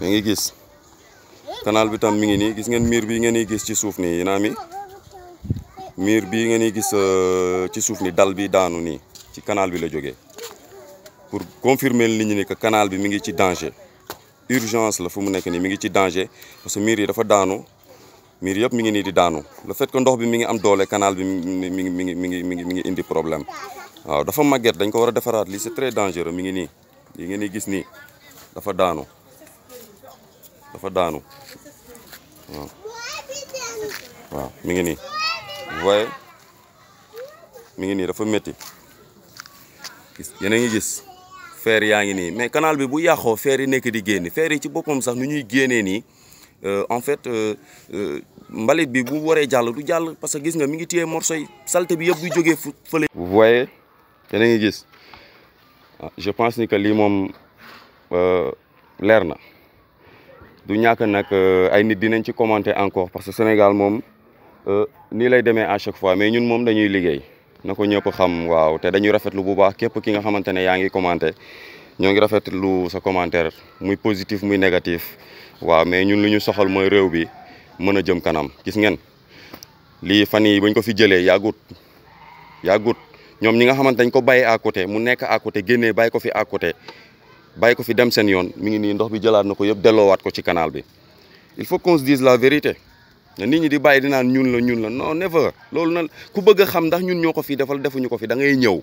mi ngi gis kanaal bi tam mi ngi nii gis ngeen miir bi ngeen di gis ci suuf nii mi miir bii ngeen gis euh, ci suuf ni dal bi daanu nii ci kanaal bi la jógee pour confirmer nit ñi ni que kanaal bi mi ngi ci danger urgence la fu mu nekk nii mi ngi ci danger parce que miir yi dafa daanu miir yëpp mi ngi nii di daanu le fait que ndox bi mi ngi am doole canal bi mi ngi mi ngi mi ngi mi ngi ngi indi problème waaw dafa màgget dañ ko war a defaraat lii c'est très dangereux mi ngi nii yi ngeen di gis nii dafa daanu dafa daanu waaw mi ngi nii voyez mi ngi nii dafa métti gis yéen a ngi gis feer yaa ngi nii mais kanaal bi bu yàqoo feer yi nekk di génn feer yi ci boppam sax nu ñuy génnee nii euh, en fait euh, euh, mbalit bi bu waree jàll du jàll parce que gis nga mu ngi téye morceau yi saleté bi yëpp du jógee fu fële. vous voyez yéen a ngi gis ah, je pense ni que lii moom euh, leer na du ñàkk nag euh, ay nit dinañ ci commenter encore parce que Sénégal moom euh, nii lay demee à chaque fois mais ñun moom dañuy liggéey na ko ñëpp xam waaw te dañuy rafetlu bu baax képp ki nga xamante ne yaa ngi commenter ñoo ngi lu sa commentaire muy positif muy négatif waaw mais ñun lu ñu soxal mooy réew bi. mën a jëm kanam gis ngeen lii fan yii bañ ko fi jëlee yaagut yaagut ñoom ñi nga xamante dañ ko bàyyi à côté mu nekk à côté génnee bàyyi ko fi à côté bàyyi ko fi dem seen yoon mi ngi nii ndox bi jëlaat na ko yëpp delloowaat ko ci canal bi il faut qu'on se dise la vérité na nit ñi di bàyyi di ñun la ñun la non never loolu ku bëgg xam ndax ñun ñoo ko fii defal defuñu ko fi da ngay ñëw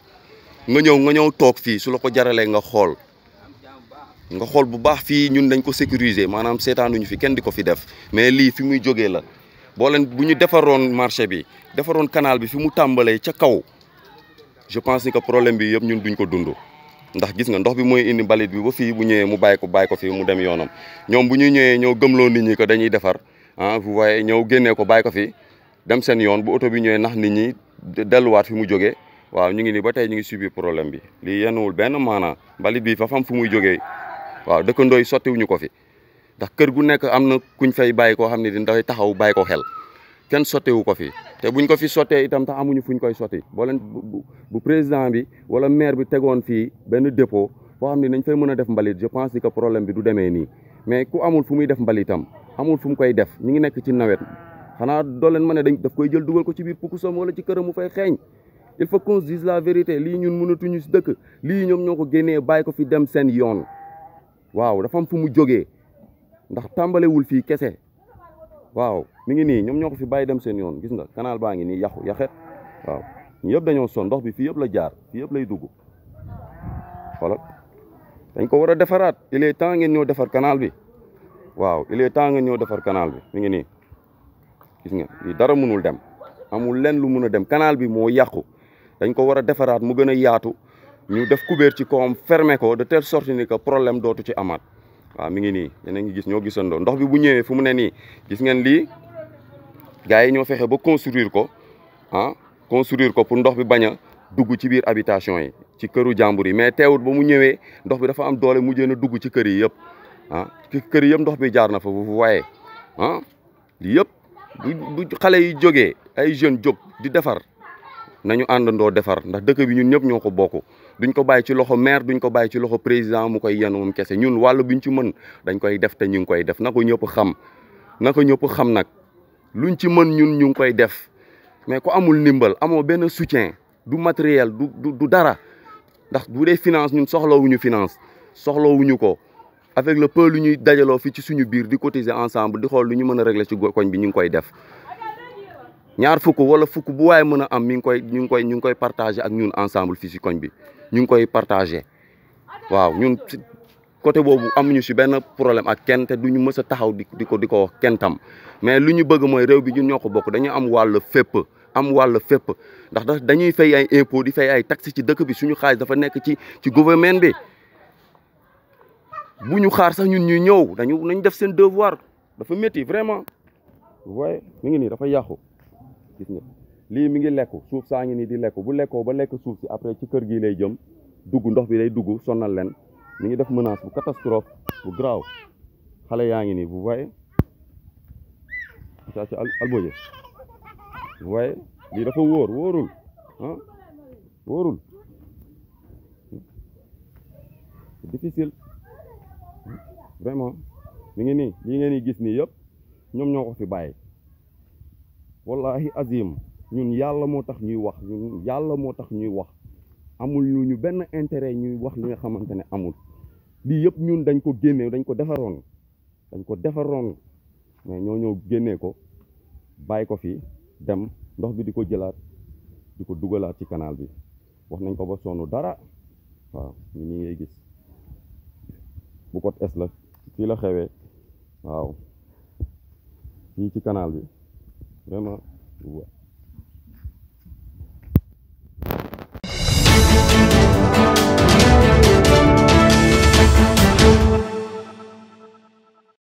nga ñëw nga ñëw toog fii su la ko jaralee nga xool nga xool bu baax fii ñun dañ ko sécuriser maanaam seetaan seetaanuñu fi kenn di ko fi def mais lii fi muy jogee la boo leen bu ñu defaroon marché bi defaroon kanaal bi fi mu tàmbalee ca kaw je pense ni que problème bi yëpp ñun duñ ko dund ndax gis nga ndox bi mooy indi mbalit bi ba fii bu ñëwee mu bàyyi ko bàyyi ko fii mu dem yoonam ñoom bu ñu ñëwee ñëw gëmloo ni ñi ko dañuy defar ah vous voyez ñëw génnee ko bàyyi ko fi dem seen yoon bu oto bi ñëwee nax nit ñi delluwaat fi mu jógee waaw ñu ngi nii ba tey ñu ngi subir problème bi lii yenuwul benn maanaa mbalit bi fa fu muy jógee waaw dëkkandoo yi sottiwuñu ko fi ndax kër gu nekk am na kuñ fay bàyyi koo xam ne di day taxaw bàyyi ko xel kenn sottewu ko fi te buñ ko fi sottee itam tax amuñu fuñ koy sotti boo bu président bi wala maire bi tegoon fii benn dépôt foo xam ne nañ fay mën a def mbalit je pense que problème bi du demee nii mais ku amul fu muy def mbalitam amul fu mu koy def ñu ngi nekk ci nawet xanaa doo leen ma ne dañ daf koy jël dugal ko ci biir pukusam wala ci këram mu fay xeeñ il faut qu'on dise la lii ñun mënatuñu dëkk lii ñoom ñoo ko génnee bàyyi ko fi dem seen yoon waaw dafa fu mu jógee ndax tàmbalewul fii kese waaw mi ngi nii ñoom ñoo ko fi bàyyi dem seen yoon gis nga kanaal baa ngi nii yaxu yaxet waaw ñu yëpp dañoo son ndox bi fii yëpp la jaar fii yëpp lay dugg voilà dañ ko war a defaraat il est temps ngeen ñoo defar kanaal bi waaw il est temps ngeen ñoo defar kanaal bi mi ngi nii gis nga lii dara mënul dem amul lenn lu mun a dem kanaal bi moo yàqu dañ ko war a defaraat mu gën a yaatu ñu def couvert ci kawam fermer ko de telle sorte ni que problème dootu ci amaat waa mi ngi nii yéen ngi gis ñoo gisandoo ndox bi bu ñëwee fu mu ne nii gis ngeen lii gars yi ñoo fexe ba construire ko ah construire ko pour ndox bi bañ a dugg ci biir habitation yi ci këru jàmbur yi mais teewut ba mu ñëwee ndox bi dafa am doole mu na dugg ci kër yi yëpp ah ci kër yëpp ndox bi jaar na fa bu waaye ah yëpp bu xale yi jógee ay jeunes jóg di defar. na nañu àndandoo defar ndax dëkk bi ñun ñëpp ñoo ko bokk duñ ko bàyyi ci loxo maire duñ ko bàyyi ci loxo président mu koy yenn moom kese ñun wàll ñu ci mën dañ koy def te ñu koy def na ko ñëpp xam na ko ñëpp xam nag luñ ci mën ñun ñu ngi koy def mais ko amul ndimbal amoo benn soutien du matériel du du dara ndax du dee finance ñun soxlawuñu finance ñu ko avec la peu lu ñuy dajaloo fi ci suñu biir di cotiser ensemble di xool lu ñu mën a régler ci koñ bi ñu ngi koy def ñaar fukk wala fukk bu waaye mën a am mi ngi koy ñu ngi koy ñu ngi koy partagé ak ñun ensemble fii si koñ bi ñu ngi koy partagé waaw ñun côté boobu amuñu si benn problème ak kenn te duñu mës a taxaw di di ko di ko wax kenn tam mais lu ñu bëgg mooy réew bi ñun ñoo ko bokk dañu am wàll fépp am wàll fépp ndax dañuy fay ay impôt di fay ay tax ci dëkk bi suñu xaalis dafa nekk ci ci gouvernement bi bu ñu xaar sax ñun ñuy ñëw dañu nañ def seen devoir dafa métti vraiment waaye mi ngi nii dafa yàqu gis nga lii mi ngi lekku suuf saa ngi nii di lekku bu lekkoo ba lekk suuf si après ci kër gii lay jëm dugg ndox bi day dugg sonnal leen mi ngi def menace bu catastrophe bu grave xale yaa ngi nii vous voyez saa si alboje vous lii dafa wóor wóorul ah wóorul difficile vraiment mi ngi nii lii ngeen di gis nii yëpp ñoom ñoo ko fi bàyyi wallahi azim ñun yàlla moo tax ñuy wax ñun yàlla moo tax ñuy wax amul ñu ñu benn intérêt ñuy wax li nga xamante ne amul lii yëpp ñun dañ ko génnee dañ ko defaroon dañ ko defaroon mais ñoo ñëw génnee ko bàyyi ko fii dem ndox bi di ko jëlaat di ko dugalaat ci kanaal bi wax nañ ko ba sonn dara waaw ñu ni ngay gis bu kot es la fii la xewee waaw fii ci kanaal bi vraiment voilà